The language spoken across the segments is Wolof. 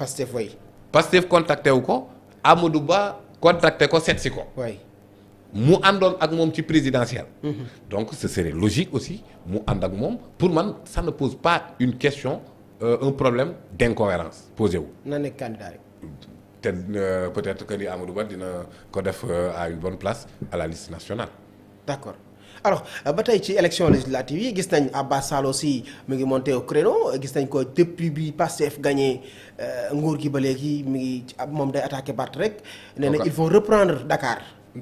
Pastef way Pastef contacté wu ko Amadou Ba contacté ko seet si ko. mu àndoon ak moom ci présidentielle. Mhm. donc ce serait logique aussi mu ànd ak moom pour man ça ne pose pas une question euh, un problème d'incohérence posé wu. na nekk candidat rek. te euh, peut-être que ni Amadou Ba dina ko def euh, à une bonne place à la liste nationale. d'accord. alors euh, ba tey ci élection législative yi gis nañ Abbas Sall aussi mu ngi monté au gis nañ ko depuis bi Pastef gagné euh, nguur gi ba léegi mi ngi ah, moom day attaqué barte rek. nee na il faut reprendre Dakar.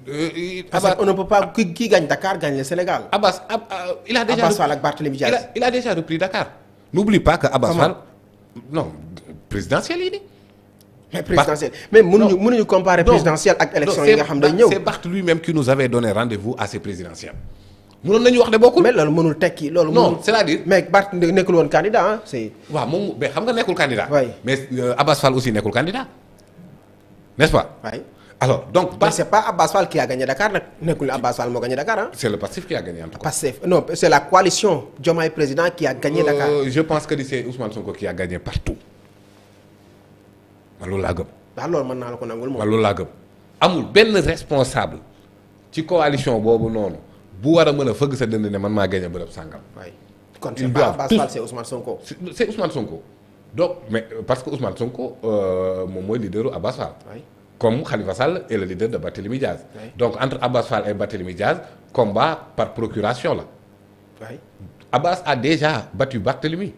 Euh, Abbas on ne peut pas ki ki gagne Dakar gagne le Sénégal. Abbas ab ah, ah, il a déjà Abbas Fall ak Barthélémy il a il a déjà repris Dakar. n'oublie pas que Abbas Fall non présidentiel yi nii. mais présidentielle mais mënuñu mënuñu comparer présidentielle ak élection yi nga xam day ñëw c'est Barth lui-même qui nous avait donné rendez-vous à ces présidentielles mënoon nañu wax ne bokkul. mais loolu mënul tekki loolu. non cest à mais Barth nekkul woon candidat ah mais xam nga nekkul candidat. mais euh, Abbas aussi nekkul candidat n'est-ce pas. alors donc. Barth qui a gagné Dakar nag nekkul Abbas Fall moo gagné Dakar ah. c'est le passif qui a gagné en tout cas. passif c'est la coalition man loolu laa gëm. mën naa la ko nangul moom. man loolu laa gëm amul benn responsable ci coalition boobu noonu bu war a mën a fëgg sa dënd ne man maa gagné bërëb sàngam. waay kon c'est pas Abass Fall mais euh, parce que Ousmane Sonko euh, moom mooy leaderu Abass Fall. comme Khalifa Sall est le leader de Barthélémy Diaz. Oui. donc entre Abbas Fall et Barthélémy Diaz combat par procuration la. Oui. Abbas a déjà battu Barthélémy.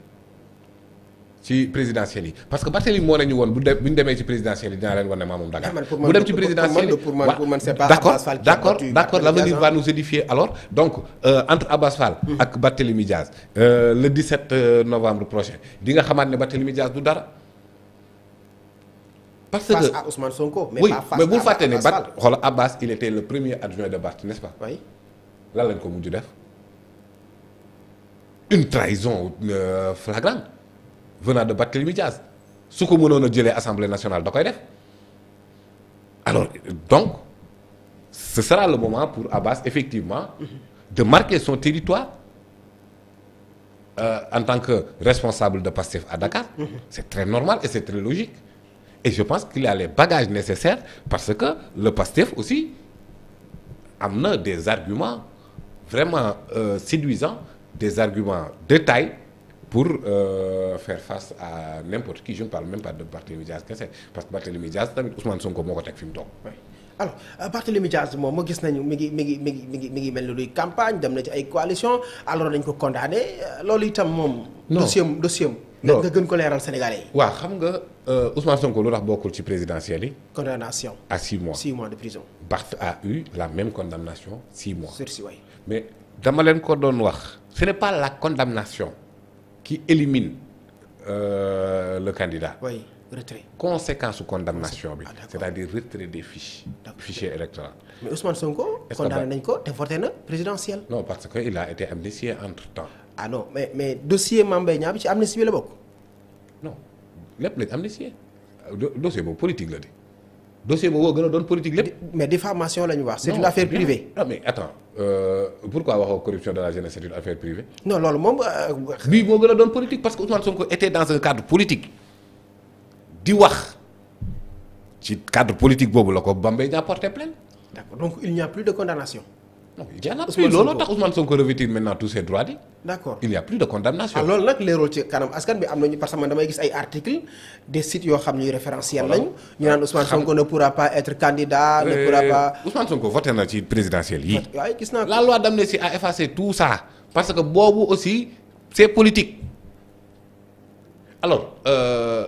ci présidentielle yi parce que Barthélémy moo nañu woon bu de bu demee ci présidentielle yi dinaa leen wan ne maa moom Dakar. bu dem ci présidentielle pour man pour man c'est pas Abbas Fall. d'accord d'accord l'avenir va nous édifier alors donc euh, entre Abbas Fall. Mm-hmm. ak Barthélémy Diaz. Euh, le euh, novembre prochain di xamaat ne Barthélémy Diaz dara. parce que face à Ousmane Sonko. mais pas face à Abbas fàtte ne Bat xool Abbas il était le premier adjoint de Barth n'est-ce pas. oui lan lañ ko mujj def une trahison flagrante. venant de Barthélémy Diaz su ko mënoon a jëlee assemblée nationale da koy def alors donc ce sera le moment pour Abbas effectivement de marquer son territoire euh, en tant que responsable de Pastef à Dakar c'est très normal et c'est très logique et je pense qu'il a les bagages nécessaires parce que le Pastef aussi am na des arguments vraiment euh, des arguments de taille pour euh, faire face à n'importe qui je ne parle même pas de Barthélémy Diaz kese parce que Barthélémy Diaz tamit Ousmane Sonko moo ko teg fi mu toog. alors euh, Barthélémy Diaz moom ma gis nañu mi ngi mi ngi mi ngi mi ngi mi ngi mel ni luy campagne dem na ci ay coalition alors dañ ko condamné euh, loolu itam moom. non dossier am dossier am gën ko leeral Sénégalais yi. waaw xam nga euh, Ousmane Sonko lu tax bokkul ci présidentielle yi. condamnation a 6 mois 6 mois de prison. Barth a eu la même condamnation 6 mois. sursis waay mais dama leen ko doon wax. ce n'est pas la condamnation. ci élimine euh, le candidat. oui retrait. conséquence su condamnation bi. Ah, c'est-à-dire retrait des fiches. fichier électoral. mais Ousmane Sonko. condamné nañ ko te voté na présidentiel. non parce que il a été amnistié entre temps. ah non mais mais dossier Mame Mbaye Niang bi ci amnistie bi la bokk. non lépp lañ amnistié dossier boobu politique la de. dossier boobu gën a doon politique lépp. mais diffamation la ñu wax. c'est une affaire privée. non ah, mais attends euh, pourquoi waxoo corruption de la jeunesse c'est une affaire privée. non loolu moom. Euh, bii moo gën a doon politique parce que Ousmane Sonko était dans un cadre politique di wax ci cadre politique boobu la ko Bambey daa porté plainte. d'accord donc il n'y a plus de condamnation. jeex na parce que looloo tax Ousmane Sonko revêtir maintenant tous ses droits yi. d'accord il n'y a plus de condamnation. ah nag leerul ci kanam askan bi am nañu parce que man damay gis ay articles des sites yoo xam ñuy référentiel lañu. ñu naan Ousmane Sonko ne pourra pas être candidat. ne euh, pourra pas Ousmane Sonko voté na ci présidentielle yi. waaye gis naa la dam d'amnistie a effacé tout ça parce que boobu aussi c'est politique alors euh,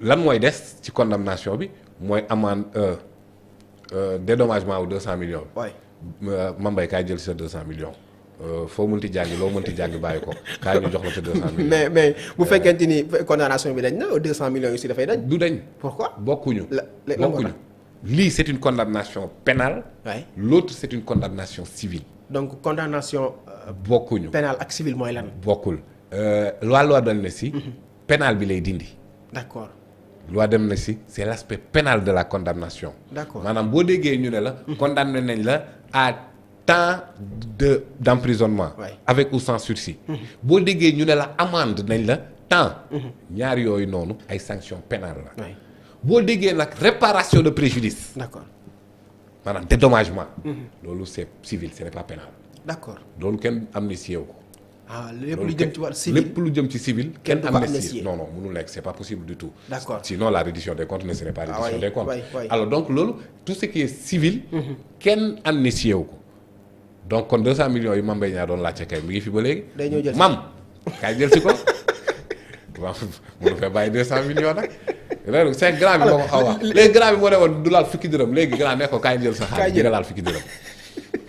lan mooy des ci condamnation bi mooy amende euh, dédommagement wu 200 millions. waay. Euh, Mambay kaay jël sa 200 millions. Euh, foo mënti jàngi loo mënti jàngi bàyyi ko kaay ñu jox la sa 200 millions. mais mais bu fekkente ni condamnation bi dañ na 200 millions yu si dafay dañ. du dañ. pourquoi bokkuñu. bokkuñu lii c' est une condamnation pénale. waay l' autre est une condamnation civile. donc condamnation. Euh, bokkuñu pénale ak civile mooy lan. bokkul loi loi si mhm. pénale bi lay dindi. d' accord. loi d'amnistie c' est l' aspect pénal de la condamnation. d' accord maanaam boo déggee la. Mhm. à temps de d'emprisonnement ouais. avec ou sans sursis boo déggee ñu ne la amende nañ la temps mm-hmm. ñaar yooyu noonu ay sanctions pénal la boo déggee nag réparation de préjudice d'accord maanaam dédommagement mm-hmm. loolu c'est civil ce n'est pas pénal d'accord loolu kenn amnistié wu ko ah lépp lu jëm ci wàllu civil lépp lu jëm ci civil. kenn amnistie non non mënul nekk c' est pas possible du tout. d' accord sinon la reddition des comptes ne pas ah, reddition ah, alors donc loolu tout ce civil. Mhm. kenn amnistie wu ko. donc kon 200 millions yi Mame Mbaye Niang doon laajte kay mi ngi fi ba léegi. day ñëw jël si mam kaay jël si ko. waaw mënu fee bàyyi 200 millions nag. léegi c' est bi moo ko xaw a wax léegi grand bi moo ne woon du laal fukki dërëm léegi grand ne ko kaay jël sa xaalis. kaay jël nga laal fukki dërëm.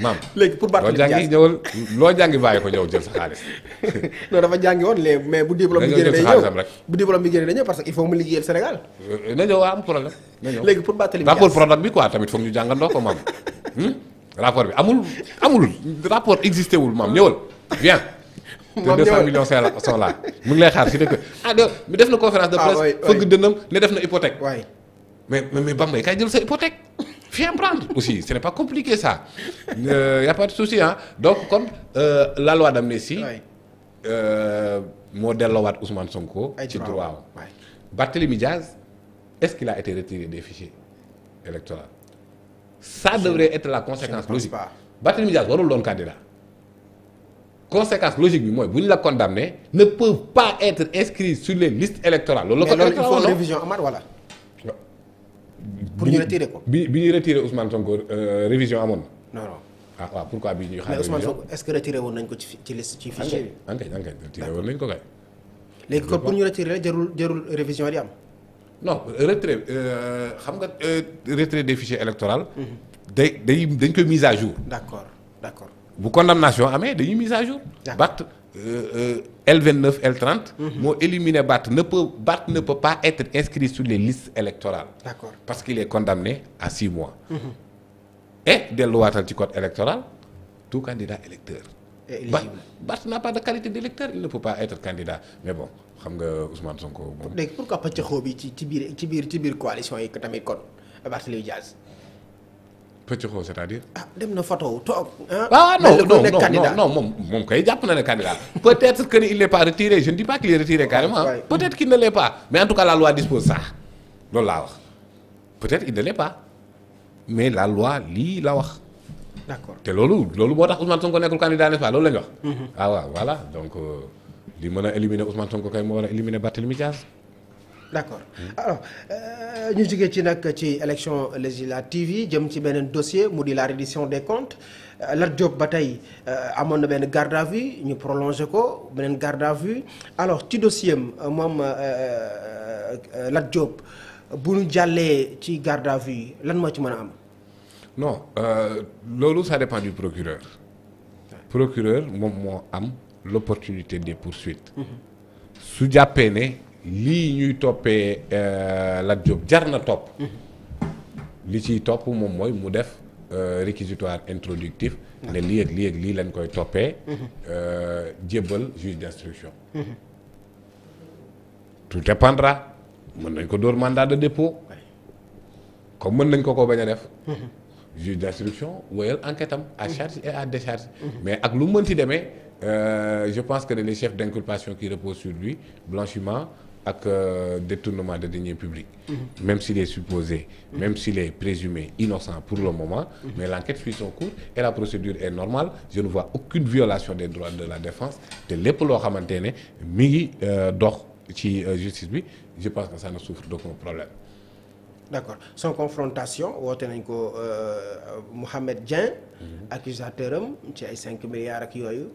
maam léegi pour Barthélémy Dias loo jàngi ñëwal loo jàngi bàyyi ko ñëw jël sa xaalis. non dafa jàngi woon léegi mais bu diplôme bi génnee day ñëw bu diplôme bi parce que il faut mu liggéeyal Sénégal. Euh, na ñëw waa am problème rapport product bi quoi tamit foog ñu jàngandoo ko maam hmm? rapport bi amul amul rapport existé wul maam ñëwal bien. moom ñëwal te 200 millions sont là mu ngi lay xaar si dëkk ah def na conférence de ah, presse fëgg dënnam ne def na hypothèque waay mais mais Bambey kay jël sa hypothèque viens prendre aussi ce n'est pa compliqué ça euh, part a pas ah donc comme euh, la loi d'amnistie euh, moo delloowaat Ousmane Sonko. ci droit waaw Barthélémy Diaz est-ce été retiré des fichiers électoraux ça je devrait être la conséquence logique Barthélémy Diaz warul doon candidat conséquence logique bi mooy bu ñu la condamné ne peuvent pas être inscrits sur les listes électorales. loolu la ko il faut révision wala. pour ñu retirer ko bi bi ñuy retirer Ousmane Sonko euh, révision amoon na. non non ah waaw pourquoi bi ñuy xaar. mais Ousmane Sonko est-ce que retiré woon nañ ko ci ci liste ci ah, fichier bi. Ah, ah, am. non retrait euh, xam nga euh, retrait des fichiers électoraux. Mhm. day dañ koy mise à jour. d'accord d'accord. bu condamnation amee dañuy mise à jour. d'accord L29 euh, euh, L30. Mhm. moo éliminé Barth ne peut Barth par peut pas être inscrit sur les listes électorales. parce qu'il est condamné à six mois. Mhm. et delluwaatal ci code électoral tout candidat électeur. ba Barth n'a pas de qualité d'électeur il ne peut pas être mais bon xam nga Ousmane Sonko. léegi pourquoi pàcc xoo bi ci ci biir ci biir ci biir coalition yi tamit kon Barthélémy Dias pëccëxoo c'est-à-dire. ah dem na photo toog. ah, ah non non non non moom moom kay jàpp na ne candidat peut-être que ni il n'est pas retiré je ne dis pas qu'il est retiré carrément. peut-être qu'il mais en la loi dispose ça loolu laa wax peut-être il ne l'est pas mais la loi lii la wax. te loolu loolu moo tax Ousmane Sonko nekkul candidat nest loolu la wax. Mhm. Ah, waaw voilà donc euh, li mën a éliminer Ousmane Sonko kay moo war a éliminer Barthélémy d' accord alors euh, ñu jógee ci nag ci élection législative yi jëm ci beneen dossier mu di la reddition des comptes euh, Lat Diop ba tey euh, amoon na benn garde à vue ñu prolongé ko beneen garde à vue alors ci dossier am moom Lat Diop bu ñu jàllee ci garde à vue lan moo ci mën a am. non loolu ça dépend du procureur. procureur moom moo am l' opportunité des poursuites. Mm-hmm. su jàppee ne. lii ñuy toppee euh, Lat Diop jar na topp mm-hmm. li ciy topp moom mooy mu def euh, réquisitoire introductif ne mm-hmm. lii ak lii ak lii lañ koy toppee mm-hmm. euh, jébbal juge d'instruction tout dépendra mën nañ ko dóor mandat de dépôt comme mën nañ ko ko bañ a def juge d'instruction wéyal enquête am à charge et à décharge mais ak lu mënti demee je pense que les chefs d'inculpation qui reposent sur lui blanchiment ak euh, détournement de deniers publics. Mm-hmm. même s'il est supposé. Mm-hmm. même si est présumé innocent pour le moment. Mm-hmm. mais l'enquête suit son cours et la procédure est normale je ne vois aucune violation des droits de la défense te lépp loo xamante ne mi ngi euh, dox ci euh, justice bi je pense que ça ne souffre d'aucun problème. d'accord sans confrontation woote nañ ko Mohamed Dieng. accusateur am ci ay cinq milliards ak yooyu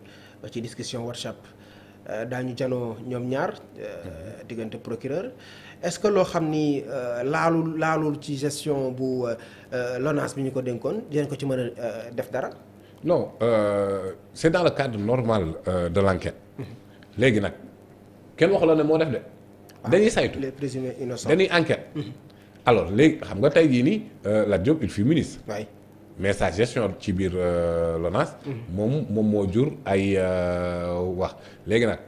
ci discussion WhatsApp. Euh, daañu janoo ñoom ñaar euh, diggante procureur est-ce que loo xam ni euh, laalu laalul ci gestion bu LONASE bi ñu ko dénkoon dinañ ko ci mën a def dara. non euh, c'est dans le cadre normal euh, de l'enquête mhm. léegi nag kenn waxu la ne moo def de. Ah, dañuy saytu les présumés innocents dañuy enquête. Mhm. alors léegi xam nga tey jii nii Lat Diop il fut ministre. mais sa gestion ci biir euh, LONASE. Mhm. moom moom moo jur ay euh, wax léegi nag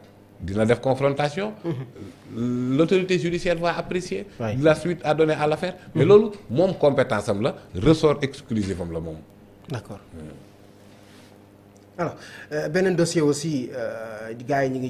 dina def confrontation. Mhm. l' autorité judiciaire va apprécier. la suite à donner à l' affaire. mais mhm. loolu moom compétence am la ressort exclusif am la moom. d' accord alors euh, beneen dossier aussi gars yi ñu ngi.